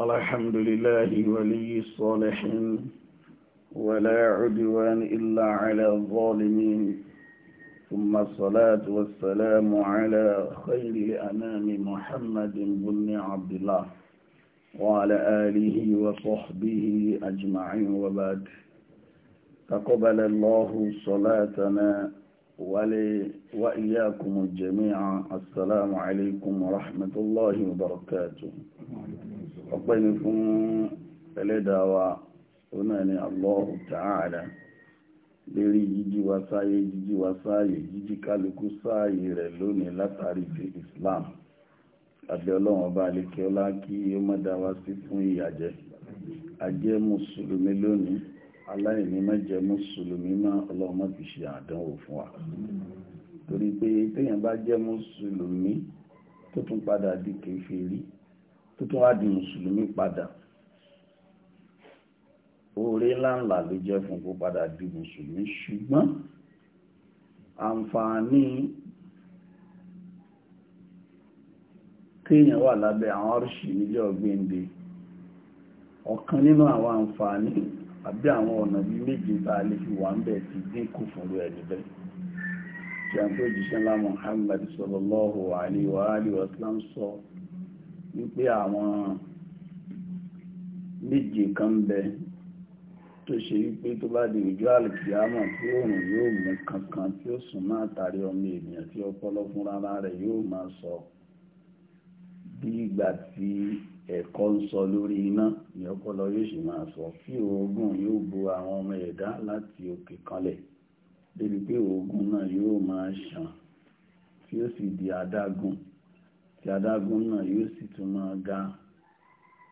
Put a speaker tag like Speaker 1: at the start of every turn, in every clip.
Speaker 1: الحمد لله ولي الصالحين ولا عدوان إلا على الظالمين ثم الصلاة والسلام على خير أنام محمد بن عبد الله وعلى آله وصحبه أجمعين وبعد تقبل الله صلاتنا ولي وإياكم جميعا السلام عليكم ورحمة الله وبركاته أقيمكم لدعوة وناني الله تعالى lérí jíjí wa sáyé jíjí wa sáyé jíjí kálukú sáyé rẹ̀ lónìí látàrí ti Islam àbí ọlọ́run ọba àlekẹ́ọ́lá kí ó má dá sí fún ìyàjẹ́ ajẹ́ mùsùlùmí lónìí aláìní má jẹ́ mùsùlùmí má ọlọ́run má fi ṣe àdánwò fún wa torí pé téèyàn bá jẹ́ mùsùlùmí tó tún padà di kèfèrí tó tún wá di mùsùlùmí padà oore ńláńlá ló jẹ́ fún kó padà di mùsùlùmí ṣùgbọ́n àǹfààní kéèyàn wà lábẹ́ àwọn ọ̀rṣì nílé ọ̀gbẹ́ndé ọ̀kan nínú àwọn àǹfààní àbí àwọn ọ̀nà bíi méje tá a lè fi wà ń bẹ̀ ti dínkù fúnru ẹni bẹ́ẹ̀ tí a tó jíṣẹ́ ńlá wa alihi wa islam sọ wípé àwọn méje kan bẹ tó ṣe wípé tó bá di ìjọ àlùkìyàmọ̀ tí yóò mú kankan tí ó sùn máa tàrí ọmọ ènìyàn tí ọpọlọ fúnra yóò máa sọ bí ìgbà ẹ̀kọ́ ń sọ lórí iná ni ọpọlọ yóò sì máa sọ kí oògùn yóò bo àwọn ọmọ ẹ̀dá láti òkè kanlẹ̀ débi pé oògùn náà yóò máa ṣàn tí ó sì di adágún tí adágún náà yóò sì tún máa ga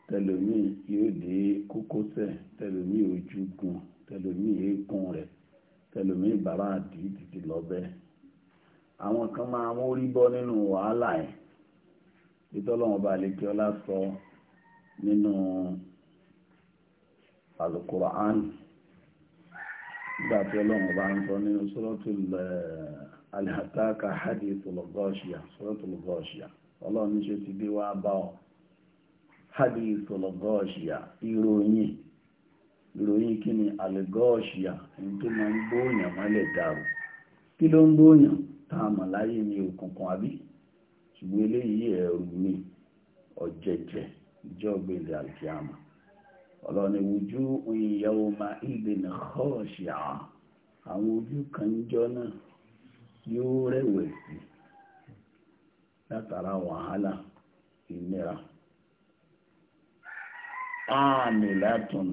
Speaker 1: tẹlòmíì yóò dé kókósẹ̀ tẹlòmíì ojúgun tẹlòmíì eékún rẹ̀ tẹlòmíì bàrà àdí títí lọ́bẹ̀ àwọn kan máa mórí bọ́ nínú wàhálà ẹ̀ ìtọ́lọ́wọ́n ba ọlá sọ nínú alukur'an nígbà tí ọlọ́run bá ń sọ nínú suratul eh, alhataka hadithul ghashiya suratul ghashiya ọlọ́run ṣe ti bí wá bá ọ hadithul ghashiya ìròyìn ìròyìn kí ni alghashiya ní tó máa ń gbóòyàn mọ́lẹ̀ kí ló ń gbóòyàn tá a mọ̀ láyé ní òkùnkùn àbí ṣùgbọ́n eléyìí ẹ̀rù ni ọ̀jẹ̀jẹ̀ jọ́gbé ilẹ̀ àlùkìyàmà ọlọ́ni ojú ìyàwó ma ìdènà kọ́ọ̀ṣì àwọn ojú kan jọ náà yóò rẹ̀wẹ̀sì látara wàhálà ìnira ààmì látùn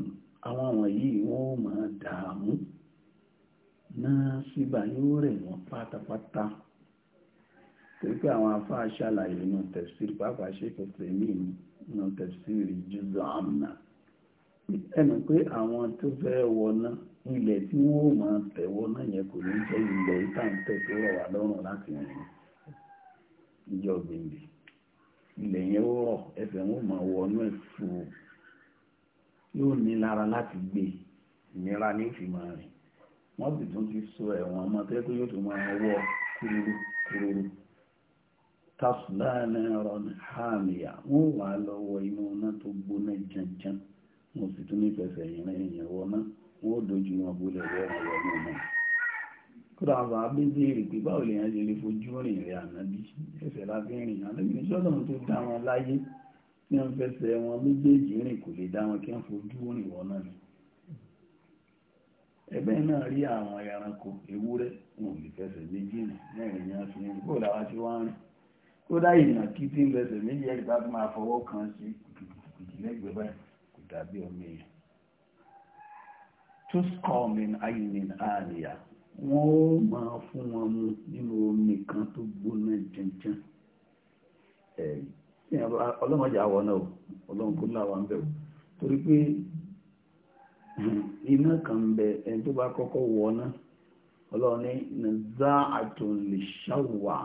Speaker 1: àwọn àwọn yìí wọ́n máa dààmú náà síbà yóò rẹ̀ wọ́n na tẹ̀síìrì siri àmà ẹnu pé àwọn tó fẹ́ wọná ilẹ̀ tí wọ́n ò máa tẹ̀wọ́ náà yẹn kò ní jẹ́ ilẹ̀ ìtàǹtẹ̀ tó rọ̀ wá lọ́rùn láti rìn ìjọ gbèǹdì ilẹ̀ yẹn rọ̀ ẹsẹ̀ wọn máa wọnú ẹ̀ fún un yóò ní láti gbé ìnira ní máa rìn wọ́n sì ti so ẹ̀wọ̀n ọmọ yóò tún máa wọ́ tasla naran hamiya wọ́n wà lọ́wọ́ inú náà tó gbóná janjan wọ́n sì tún nífẹ̀ẹ́sẹ̀ ìrìn ìyẹ̀wọ́ náà wọ́n dojú wọn bólẹ̀ wọ́n wọ́n wọ́n náà kódà àwọn abébèrè pé báwo lè yàn ṣe lè fojú rìn rẹ̀ ànábí ẹsẹ̀ láti rìn ànábí ní sọ́dọ̀ tó dá wọn láyé tí wọ́n ẹgbẹ́ náà rí àwọn ẹranko ewúrẹ́ wọn lè fẹsẹ̀ méjì rìn mẹ́rin ni wọ́n fi rìn kódà wá sí wọ́n rìn kódà ìyàn kí tí ń bẹsẹ̀ méjì ẹ̀rí bá tó máa fọwọ́ kan sí kùtùkùtù lẹ́gbẹ̀ẹ́ báyìí kò dàbí ọmọ èèyàn tó skọ́ọ̀mìn ayùnìn àníyà wọ́n ó máa fún wọn mu nínú omi kan tó gbóná jẹnjẹn ọlọ́mọdé àwọ̀ náà ọlọ́run kó láwọn bẹ̀ torí pé iná kan bẹ ẹni tó bá kọ́kọ́ wọ̀ náà ọlọ́run ní nàzáàtò lè ṣàwàá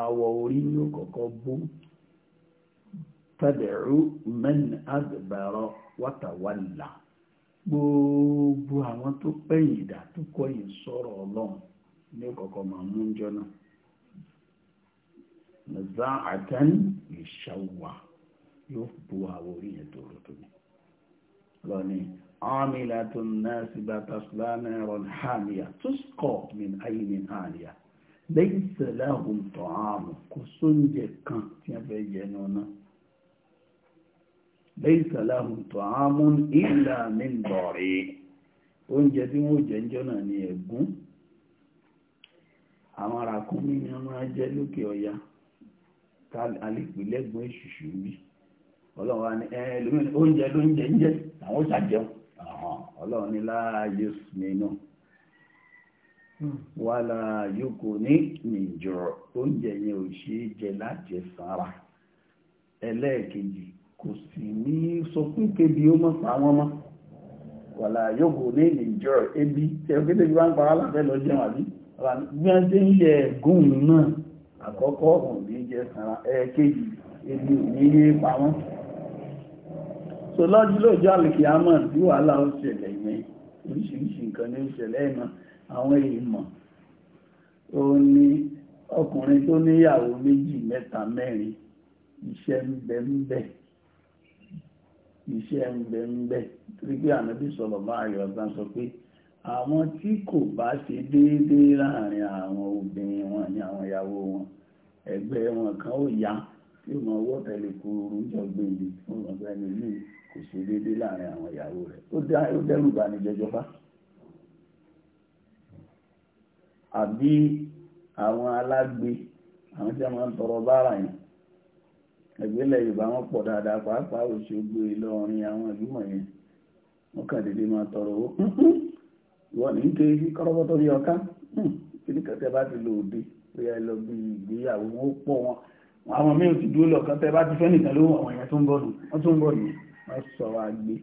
Speaker 1: àwọ̀ orí ní òkọ̀kọ́ bú tẹ́bẹ̀rú mẹ́ni àgbẹ̀bẹ̀rọ wátàwálà gbogbo àwọn tó pẹ̀yìn ìdá tó kọ̀yìn sọ̀rọ̀ ọlọ́run ní òkọ̀kọ́ máa mú jọ náà nàzá àtẹ́ni ìṣàwà yóò bu àwọ̀ orí yẹn tòrò tó ní lọ́ni عاملة ناسبة تصلى نارا حامية تسقى من عين آنية lẹ́yìn sẹ̀lẹ̀ àwọn tọ̀ ààrùn kò sóúnjẹ kan tí wọ́n fẹ́ jẹ ní ọ̀nà lẹ́yìn sẹ̀lẹ̀ àwọn tọ̀ ààrùn ni ẹ̀gún máa jẹ lókè ọ̀yà alẹ́pìlẹ́gbọ̀n èṣùṣù bí ọlọ́run ni ẹ̀ẹ́dùn oúnjẹ ló ń jẹ àwọn ṣàjẹun ọlọ́run ni láàyè sùn nínú. wàlà yòókù ní nìjọ oúnjẹ yẹn ò ṣe é jẹ láti sára ẹlẹ́ẹ̀kejì kò sì ní sọ fún kébi ó mọ̀ pàwọn mọ́ wàlà yòókù ní nìjọ ebi tẹ́ọ̀kẹ́tẹ́ bí wá ń pa aláfẹ́ lọ jẹun àbí bí wọ́n ti ń yẹ ẹ̀gún náà àkọ́kọ́ ọ̀hún ní jẹ sára ẹ̀ẹ́kejì ebi ò ní yé pàwọn so lọ́jú lóòjọ́ àlùkìyámọ̀ tí wàhálà ó ṣẹlẹ̀ yẹn oríṣiríṣi nǹkan ní ó ṣẹlẹ̀ náà àwọn ìmọ̀ ó ní ọkùnrin tó níyàwó méjì mẹ́ta mẹ́rin iṣẹ́ ń bẹ ń bẹ iṣẹ́ ń bẹ ń bẹ torí pé ànábì sọ̀rọ̀ bá ayọ̀ ọ̀gá sọ pé àwọn tí kò bá ṣe déédéé láàrin àwọn obìnrin wọn ni àwọn ìyàwó wọn ẹgbẹ́ wọn kan ó yá tí wọn wọ́ tẹ̀lé kúrú jọgbìn ìlú fún ọ̀gbẹ́ni yìí kò ṣe déédéé láàrin àwọn ìyàwó rẹ̀ ó dẹ́rù bá ní jẹjọba. àbí àwọn alágbe àwọn tí a máa ń tọrọ bára yẹn ẹgbẹ́lẹ̀ yorùbá wọn pọ̀ dáadáa pàápàá òṣogbo ìlọrin àwọn ìgbìmọ̀ yẹn wọn kàn déédéé máa tọrọ owó ìwọ ní ké sí kọ́rọ́bọ́tọ́ bí ọká kí ní kẹtẹ́ bá ti lò òde bóyá lọ bí ìgbéyàwó wọn ó pọ̀ wọn àwọn míì ti dúró lọ́kàn tẹ́ bá ti fẹ́ nìkan ló àwọn èèyàn tó ń bọ̀ nù wọ́n tó ń bọ̀ nù wọ́n sọ àgbẹ̀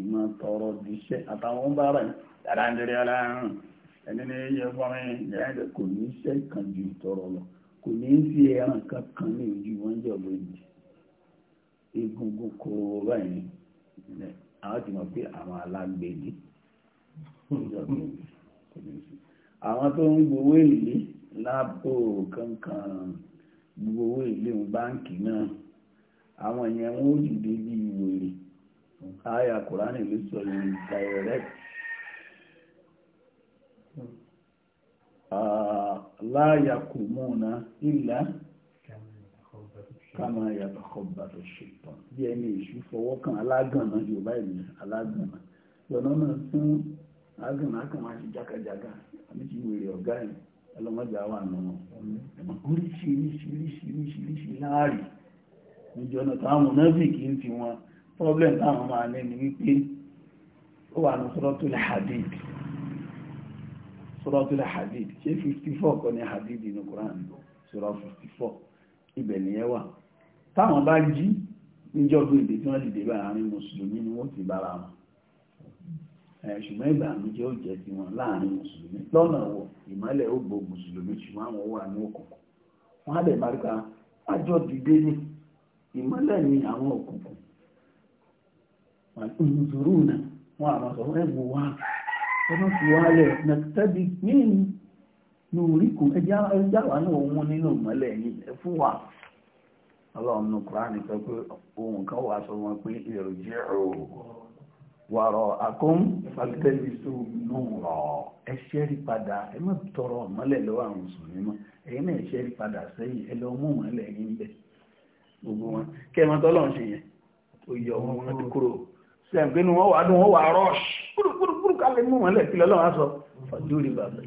Speaker 1: ìmọ̀ tọrọ díṣẹ́ àtàwọn bára yìí dáadáa ń dẹrẹ́ ọlá ẹni ní yẹ fún mi ẹ̀ẹ́dẹ̀ kò ní iṣẹ́ kan ju ìtọrọ lọ kò ní fi ẹran kankan ní ojú wọn jẹ́ ọ̀gbẹ́ ìdí egungun kóró báyìí àwọn ti mọ̀ pé àwọn alágbèdè àwọn tó ń gbowó èlé lábò kankan gbowó èlé báńkì náà àwọn èèyàn wọn ò dìde bíi wèrè àyà kùránì ló sọ yìí direct láyàkùmọ́nà ila kama yàtọ̀kọ̀bàtọ̀ ṣètàn bí ẹni èṣù fọwọ́ kan alágànná yorùbá ìlú alágànná lọ́nà náà fún alágànná kan máa jákàjáká àbí wèrè ọ̀gá yìí ọlọ́mọdé àwọn àna wọn ẹ̀mọ́ oríṣiríṣiríṣiríṣi láàrí níjọ́ náà táwọn nọ́ọ̀sìkì ń problem táwọn máa ní ni wípé ó wà ní tó lè suratul hadid ṣé fifty four kọ́ hadid inú sura fifty four ibẹ̀ nìyẹn wà táwọn bá jí níjọ́gbé èdè tí wọ́n dìde bá àárín mùsùlùmí ni wọ́n ti bára wọn ṣùgbọ́n ìbànújẹ́ ò jẹ́ tiwọn láàrin mùsùlùmí lọ́nà wọ̀ ìmọ́lẹ̀ ó bo mùsùlùmí ṣùgbọ́n àwọn wà ní òkùnkùn ọmọ fi nàtẹ́bí yìí ní oríkùn ẹjá wà náà wọn nínú mọ́lẹ̀ yìí ẹ wa ọlọ́run ní kùránì sọ pé ohun kan wà sọ wọn pé ìròjẹ́ o wàrọ̀ akọ́m fàtẹ́bí tó nù rọ̀ ẹ ṣẹ́rí padà ẹ má tọrọ mọ́lẹ̀ lọ́wọ́ àwọn mùsùlùmí mọ́ ẹ̀yin náà ṣẹ́rí padà sẹ́yìn ẹ lọ mú mọ́lẹ̀ yìí ń bẹ̀ gbogbo wọn kẹ́ ẹ sẹ̀gbẹ́nu wọ́n wà dùn wọ́n wà rush kúrùkúrù kálẹ̀ mú wọn lẹ́ẹ̀kí lọ́wọ́ aṣọ fàdúrí bàbá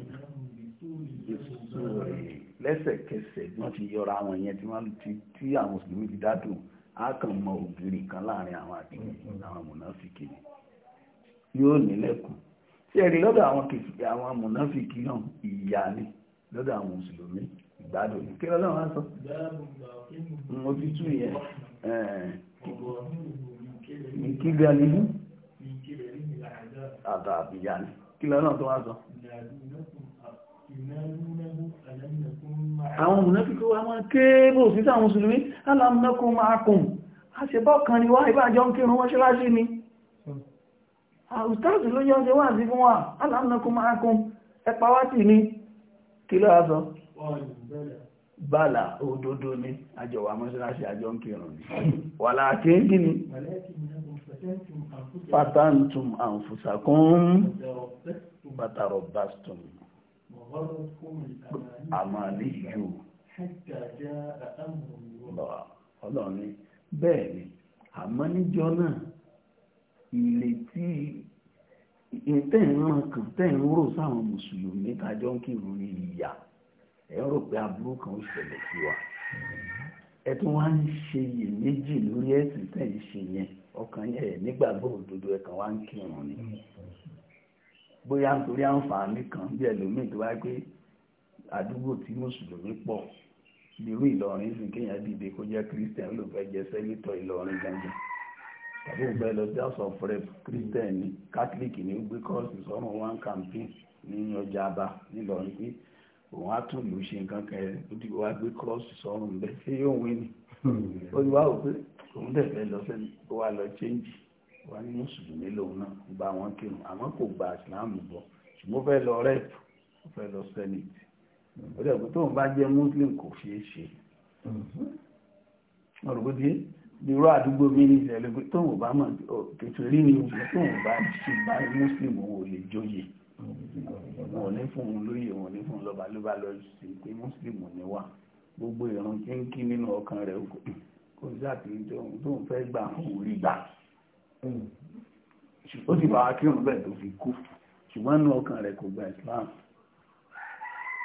Speaker 1: lẹ́sẹ̀kẹsẹ̀ wọ́n ti yọra àwọn yẹn tí wọ́n ti tí àwọn mùsùlùmí ti dádùn á kàn mọ ògiri kan láàrin àwọn àdìmí àwọn mùnáfíkì yóò nílẹ̀kùn tí ẹ̀rí lọ́dọ̀ àwọn kìfì àwọn mùnáfíkì náà ìyá ni lọ́dọ̀ àwọn mùsùlùmí ìgbádùn ní kí lọ́dọ̀ wọn sọ mo ti tú yẹn ìkígbẹ̀lìhú àtàbíyà ní kí lọ́nà tó wá sọ àwọn òmìnàfíkò wá máa kéèbò sí àwọn mùsùlùmí alámọ́kún máa kùn a ṣe bọ́ kan ni wá ìbájọ́ ń kírun wọ́n ṣíláṣí ni àrùstáàtì ló yọ́ ṣe wà sí fún wa alámọ́kún máa kùn ẹpàwátì ni kí lọ́ bala òdodo ni àjọwà mọ́ṣáláṣí àjọ ń kírun ni wà láàkí kí ni pátántum àǹfùsàkún bàtàrọ̀ bastum àmàlì yìí ọlọ́ni bẹ́ẹ̀ ni àmọ́ náà ilé tí tẹ́ sáwọn ẹ rò pé aburú kan ó ṣẹlẹ̀ sí wa ẹ tún wá ń ṣe iyèméjì lórí ẹ̀sìn tẹ̀ ń ṣe yẹn ọkàn yẹn ẹ̀ nígbàgbọ́ òdodo ẹ̀ kàn wá ń kírun ni bóyá nítorí àǹfààní kan bí ẹlòmíì tó bá pé àdúgbò tí mùsùlùmí pọ̀ irú ìlọrin sì kéèyàn dìde kó jẹ́ christian ló fẹ́ jẹ́ sẹ́lítọ̀ ìlọrin gangan tàbí ògbẹ́ lọ sí house of rep christian ní catholic ní gbé kọ́ọ̀sì sọ́run one campaign ní ọjà àbá nílọrin pé òun á tún lù ú ṣe nǹkan kẹ ó ti wá gbé kírọ́ọ̀sì sọ́run bẹ́ ṣé yóò wí ni hmm. ó ti wá wò pé òun dẹ̀ fẹ́ lọ sẹ́ni ó wá lọ chẹ́ǹjì wá ní mùsùlùmí lòun náà ń bá wọn kírun àmọ́ kò gba ìsìláàmù bọ̀ ṣùgbọ́n fẹ́ lọ rẹ́ẹ̀pù ó fẹ́ lọ sẹ́nìtì ó dẹ̀ pé tóun bá jẹ́ muslim kò fi é ṣe ọ̀rọ̀ bó ti irú àdúgbò mi ní ìṣẹ̀lẹ̀ pé tóun bá mọ̀ kẹtùrí ni tóun bá ṣe bá muslim òun ò lè jóye wọn ò ní fún un lóyè wọn ò ní fún un lọ́ba ló bá lọ sí pé mùsùlùmù ni wà gbogbo ìran tí ń kí nínú ọkàn rẹ̀ kò sí àtìlẹ́jọ́ tó ń fẹ́ gbà òun rí gbà ó sì bá akírun bẹ́ẹ̀ tó fi kú ṣùgbọ́n nínú ọkàn rẹ̀ kò gba Islam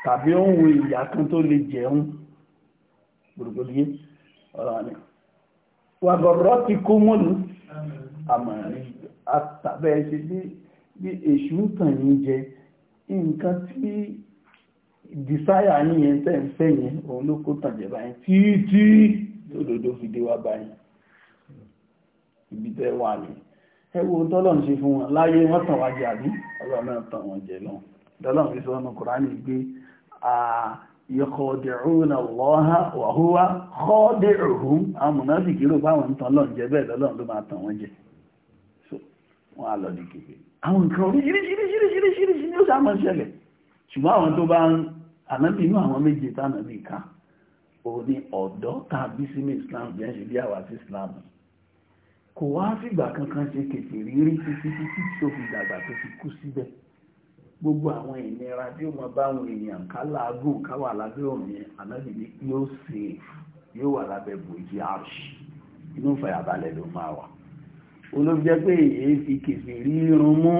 Speaker 1: tàbí ó ń wo ìyá kan tó lè jẹun gbòdògbòdìyé ọ̀rọ̀ àná wàgọ̀rọ̀ ti kó mọ́lù àmàlí àtàbẹ́ ṣe dé bí èṣù ń tàn yín jẹ nǹkan tí desire yíyẹn tẹ́ ń fẹ́ yẹn òun ló kó tàn jẹ báyìí títí lódodo fi dé wá báyìí ibi tẹ́ wà ní ẹwọ tọ́lọ̀n ṣe fún wọn láyé wọ́n tàn wá jẹ àbí ọlọ́run náà tàn wọ́n jẹ lọ tọ́lọ̀n fi sọ ọ́nà kùránì gbé yẹkọ̀ọ́dẹ̀rún lọ́ha wàhúwá kọ́ọ́dẹ̀rún àmùná sì kírò báwọn tọ́lọ̀n jẹ bẹ́ẹ̀ lọ́lọ́run ló máa tàn wọ́n jẹ wọ́n á lọ ní kékeré àwọn nǹkan oríṣiríṣiríṣiríṣiríṣi ni ó sàmọ́ ṣẹlẹ̀ ṣùgbọ́n àwọn tó bá ń ànábì inú àwọn méje tánàbì ká o ní ọ̀dọ́ tàbí sínú islam bí ẹ́ ṣe bí àwa sí islam kò wá fìgbà kankan ṣe kèfè rírí títí títí tó fi dàgbà tó fi kú síbẹ̀ gbogbo àwọn ìnira tí ó mọ bá àwọn èèyàn ká láàgùn káwà lábẹ́ òun yẹn ànábì ní yóò ṣe yóò wà lábẹ́ bòjì àrùsì inú fàyàbalẹ̀ ló máa wà olóbi jẹ́ pé èyí fi kèfè rí irun mú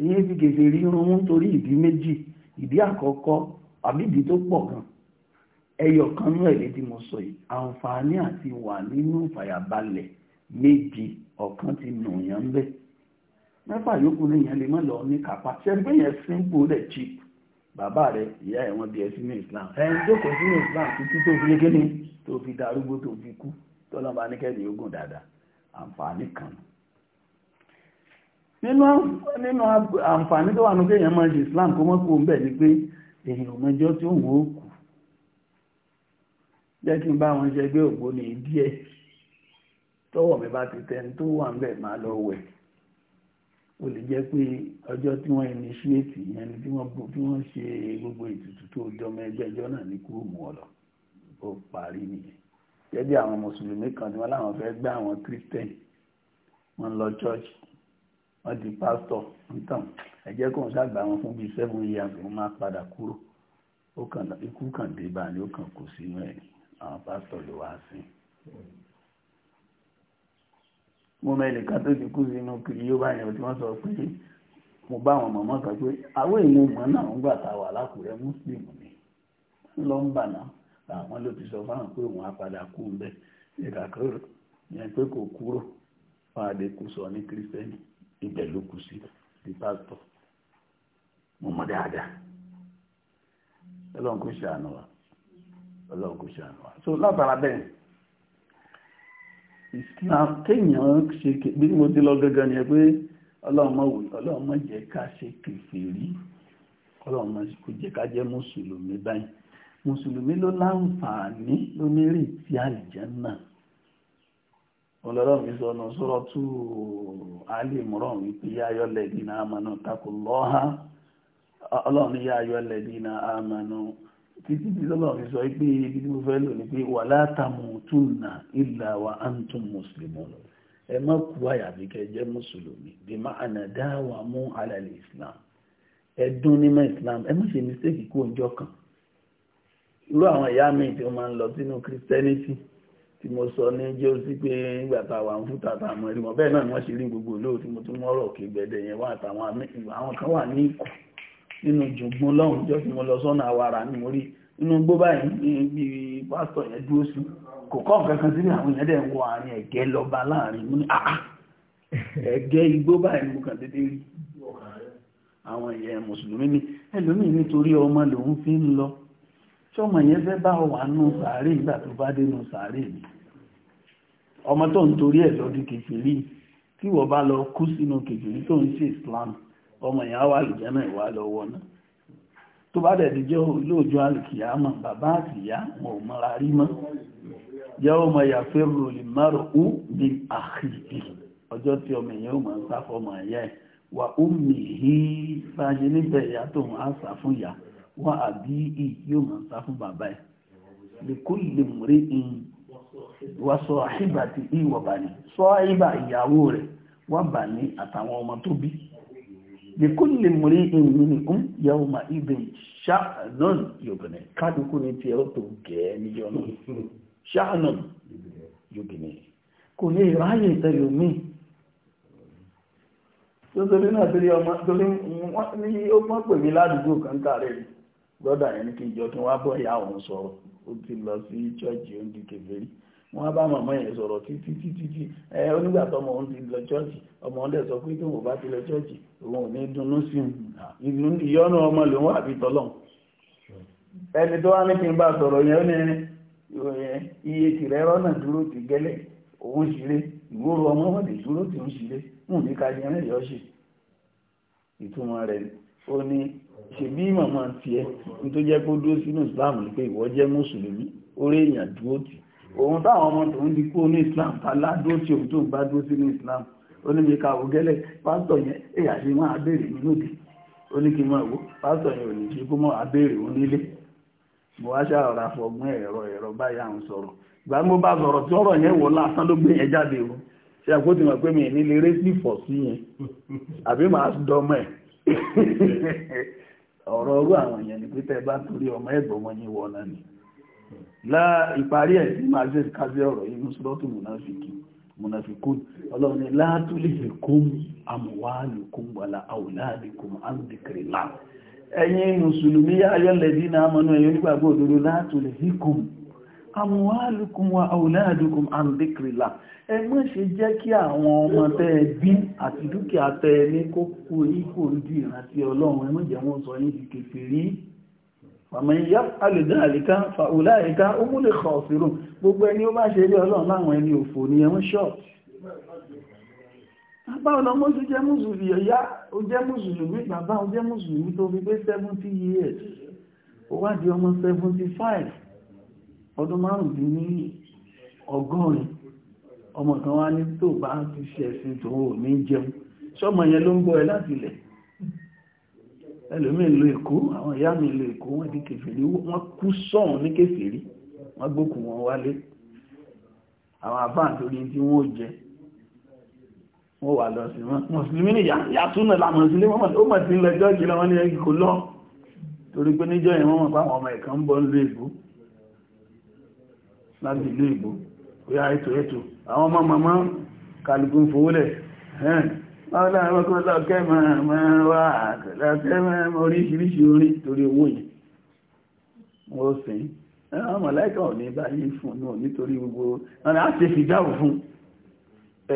Speaker 1: èyí fi kèfè rí irun mú torí ìdí méjì ìdí àkọ́kọ́ àbí ìdí tó pọ̀ gan ẹyọ kan ní èdè tí mo sọ yìí àǹfààní àti wà nínú ìfàyàbalẹ̀ méjì ọ̀kan ti nù yàn ń bẹ̀ mẹ́fà yòókù nìyẹn lè má lọ ní kápá ṣẹ́ni pé yẹn simple rẹ̀ cheap bàbá rẹ̀ ìyá ẹ̀ wọ́n bí ẹ sínú Islam ẹ̀ ń jókòó sínú Islam títí tó fi yé kéde tó fi darúgbó tó fi kú tọ́lọ́ba ní kẹ́ni ogun dáadáa àǹfààní kan nínú àǹfààní tó wà ní kéèyàn máa Islam kó mọ́ kó ń bẹ̀ ni pé èèyàn mọ́jọ́ tí ó wọ́n kù jẹ́ kí n bá wọn ṣẹgbẹ́ ògbóni díẹ̀ tọ́wọ́ mi bá ti tẹni tó wà ń bẹ̀ máa lọ wẹ̀ ó lè jẹ́ pé ọjọ́ tí wọ́n initiate yẹn ni tí wọ́n bò tí wọ́n ṣe gbogbo ètùtù tó jọmọ ẹgbẹ́ náà ní kúrò mú ọ lọ ó parí nìyẹn gẹ́gẹ́ àwọn mùsùlùmí kan tí wọ́n láwọn fẹ́ gbé àwọn christian wọ́n lọ church wọ́n di pastor nítàn ẹ̀jẹ̀ kò ń ṣàgbà wọn fún bíi seven years wọ́n máa padà kúrò ó kàn ikú kàn dé bá ní ó kàn kù sínú ẹ̀ àwọn pastor ló wá sí mo mẹ́nìkan tó ti kú sínú kiri yóò bá yẹn tí wọ́n sọ pé mo bá àwọn mọ̀mọ́ kan pé àwọn èèyàn mọ̀ náà ń gbà ta wà lákùrẹ́ muslim ni lọ́ńbà náà. àwọn ló ti sọ fáwọn pé òun á padà kú ń bẹ ìkàkọ́ yẹn pé kò kúrò fún adékù sọ ní kírísítẹ́nì ibẹ̀ ló kù sí di pásítọ̀ mo mọ̀ dáadáa ọlọ́run kò ṣàánú wa kò ṣàánú wa so látara bẹ́ẹ̀ islam kéèyàn ṣe bí mo ti lọ ni ẹ pé ká ṣe ká mùsùlùmí báyìí. mùsùlùmí ló láǹfààní ló nírì tí àlìjẹ́nà olóòrùn sọ ọ̀nà sọ́rọ̀ tú alìmúràn wípé yáyọ́ lẹ́dínà àmànà takò lọ́ha ọlọ́run yáyọ́ lẹ́dínà àmànà títí tí ọlọ́run sọ pé ibi tí mo fẹ́ lò ní pé wà látàmù túnà ìlà wa antum muslimun ẹ má kú àyàfi kẹ́ jẹ́ mùsùlùmí bí máa dáwà mú alàlẹ́ islam ẹ dún nímọ̀ islam ẹ má ṣe mistake kú ọjọ́ kan irú àwọn ìyá mi tí wọ́n máa ń lọ sínú christianity tí mo sọ ní jẹ́ ó sí pé nígbà tá a wà ń fúta tá a mọ̀ rí wọn bẹ́ẹ̀ náà ni wọ́n ṣe rí gbogbo olóò tí mo tún mọ́rọ̀ kí gbẹ̀dẹ̀ yẹn wà àtàwọn àwọn kan wà ní ikọ̀ nínú jùgbọ́n lọ́hùn jọ́ tí mo lọ sọ́nà àwàrà ni mo rí inú gbó báyìí bí pásítọ̀ yẹn dúró sí kò kọ́ nǹkan kan sílẹ̀ àwọn èèyàn dẹ̀ ń wọ àárín ẹ̀gẹ́ lọ́ba láàrin mú ní àá ah, ah, ẹ̀gẹ́ igbó báyìí mo kàn dédé rí àwọn èèyàn mùsùlùmí ni ẹlòmíì nítorí ọmọ lòun fi ń lọ ṣọ́mọ yẹn fẹ́ bá wà nù sàárè ìgbà tó bá dénú sàárè mi ọmọ tó ń torí ẹ̀ lọ́dún kèfèrí tí wọ́n bá lọ kú sínú kèfèrí tó ń ṣe Islam ọmọ yẹn á wà lùjẹ́ náà wà lọ́wọ́ náà tó bá dẹ̀ díjọ́ olóòjọ́ alìkìyàmọ̀ bàbá àti ìyá wọn ò mọ́ra rí mọ́ yẹ́ ọmọ yàfẹ́ rọlì márùn-ún ní àkìdì ọjọ́ tí ọmọ èèyàn mọ̀ ń sáfọ́mọ̀ ẹ̀yẹ́ wà ó mìí níbẹ̀ ìyá tóun á sá fún ìyá wọ́n àbí yóò máa sá fún bàbá ẹ̀ lè ìlè múrí in wọ́n sọ àṣìbà ti ìwọ̀ bà sọ àṣìbà ìyàwó rẹ̀ wọ́n bà ní àtàwọn ọmọ tó bí ìlè múrí in ni ó yàwó máa ibè ṣáàlọ́n yòbìnrin kádùkú ní tiẹ̀ ó tó gẹ̀ẹ́ níjọ́ náà ṣáàlọ́n yòbìnrin kò lè ráyè ẹlòmíì náà torí ọmọ torí ní ó pèmí ládùúgbò brọ́dà yẹn ní kí n jọ kí wọ́n bọ́ ìyá ó ti lọ sí ó ń di kèfèrí wọ́n bá yẹn sọ̀rọ̀ títí títí tí ẹ onígbà lọ ọmọ sọ pé kí ti lọ chọ́ọ̀chì òun ò ní dunnú sí ọmọ lòun tọ́lọ̀ ẹni tó wá ní kí n bá sọ̀rọ̀ yẹn ó ní iye tìrẹ́ rọ́nà dúró ti gẹ́lẹ̀ òun ṣeré ìwúrò ọmọ wọn lè dúró tí ń ṣeré fún mi ká yẹn rẹ̀ yọ ṣe ìtumọ̀ rẹ̀ ó ní ṣe bí màmá tiẹ̀ ní tó jẹ́ kó dúró sínú islam ní pé ìwọ jẹ́ mùsùlùmí orí èèyàn dúró tì òun táwọn ọmọ tó ń di kó ní islam ta ládúró tí òun tó ń bá dúró sínú islam onímìíka ògẹ́lẹ̀ pásítọ̀ yẹn èyà ṣe máa béèrè máa pásítọ̀ yẹn ò ní ṣe kó máa nílé mo wá fọgbọ́n ọ̀rọ̀ ọrú àwọn èèyàn ní pípẹ́ bá torí ọmọ ẹ̀gbọ́n wọn ní wọ́n náà ni lá ìparí ẹ̀ sí máa jẹ́ kájí ọ̀rọ̀ inú sọ́tù múnáfíkì múnáfíkún ọlọ́run ni látúlì kún amwālukum wàlà awlādukum an dhikrillah ẹ̀yin mùsùlùmí ayọ́lẹ̀dí náà amúhálùkùn wa àwòlẹ́àdùkùn àndíkìrìlà ẹ má ṣe jẹ́ kí àwọn ọmọ tẹ́ ẹ bí àti dúkìá tẹ́ ẹ ní kó kú ikú ojú ìrántí ọlọ́run ẹ má jẹ́ wọ́n sọ yín di kèfèrí àmọ́ ìyá alùdá àríká fàúlá àríká ó múlẹ̀ kọ̀ ọ̀sìrùn gbogbo ẹni ó bá ṣe rí ọlọ́run láwọn ẹni years ó wá di ọmọ ọdún márùn-ún ní ọgọ́rin ọmọ kan wá ní tó bá ti ṣe ẹ̀sìn tó ò ní jẹun ṣọ́mọ yẹn ló ń gbọ́ ẹ láti ilẹ̀ ẹlòmí ìlú èkó àwọn ìyá mi ìlú èkó wọ́n di kèfèrí wọ́n kú sọ́hun ní kèfèrí wọ́n gbókù wọn wálé àwọn àbá àtòrí tí wọ́n jẹ wọ́n wà lọ sí wọn mùsùlùmí ní yàtúnà làmọ̀ sílé ó mọ̀ sí lọ́jọ́ ìjìnlẹ̀ wọn ní ẹgbẹ̀ lọ torí pé níjọ́ yẹn wọ́n mọ̀ pàwọn ọmọ ẹ̀kan ń bọ́ ń lé láti ìlú ìbò bóyá ètò ètò àwọn ọmọ mọ̀mọ́ kàlùkùn fowólẹ̀ oríṣiríṣi orin torí owó yìí wọ́n sìn àwọn mọ̀láìkà ò ní bá yí fún náà nítorí gbogbo ọ̀nà àti fìdáwò fún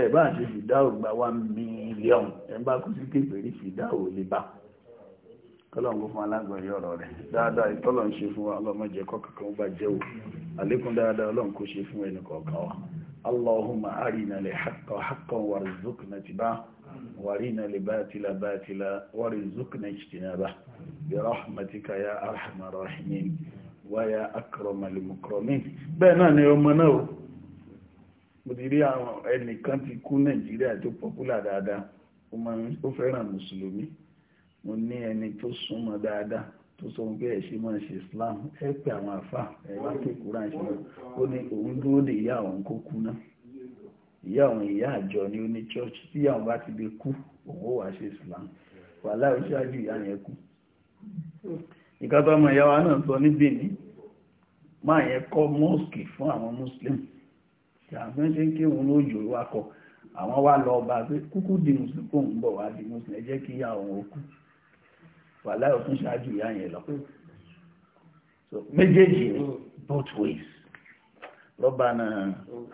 Speaker 1: ẹ̀bá àti fìdáwò gbà wá mílíọ̀n ẹ̀bá kú sí kéfèrí fìdáwò lè bá kú kọ́lọ̀mù fún alágbọ̀nyí ọ̀rọ̀ rẹ̀ dáadáa ìtọ́lọ̀ ń ṣe fún wa ọlọ́mọjẹ kọ́kọ̀kan bá jẹ́ o àlékún dáadáa ọlọ́run kó ṣe fún ẹnì kọ̀ọ̀kan wa allahumma arina lè haqqan haqqan warzuqna tiba warina lè batila batila warzuqna ijtinaba bi rahmatika ya arhamar rahimin wa ya akramal mukramin bẹ́ẹ̀ náà ni ti rí ó fẹ́ràn mùsùlùmí mo ní ẹni tó súnmọ́ dáadáa tó sọ pé ẹ ṣe ṣe Islam ẹ pé àwọn àfa ẹ wá pé kúrò àṣẹ ó ní òun dúró de ìyá òun kó kú náà ìyá òun ìyá àjọ ni ó church tí ìyá òun bá ti lè kú òun ó ṣe Islam wàhálà ó ṣáájú ìyá yẹn kú ìka tó ọmọ ìyá wa náà sọ ní Benin máa yẹn kọ́ mosque fún àwọn Muslim ṣàfihàn ṣe ń kí òun lójò wá kọ àwọn wá lọ ọba pé kúkú di Muslim kó ń bọ̀ wá di Muslim ẹ jẹ́ kí ìyá òun ó kú wà láì òtún ṣáájú ìyá yẹn lọ so méjèèjì both ways ربنا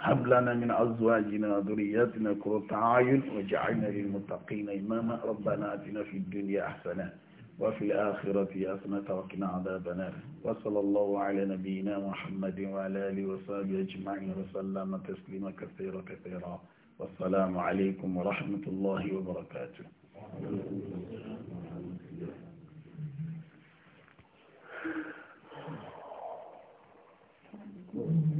Speaker 1: هب لنا من أزواجنا وذرياتنا قرة أعين واجعلنا للمتقين إماما ربنا آتنا في الدنيا احسنا وفي الآخرة حسنة وقنا عذاب النار وصلى الله على نبينا محمد وعلى آله وصحبه أجمعين وسلم تسليما كثيرا كثيرا والسلام عليكم ورحمة الله وبركاته Mm-hmm.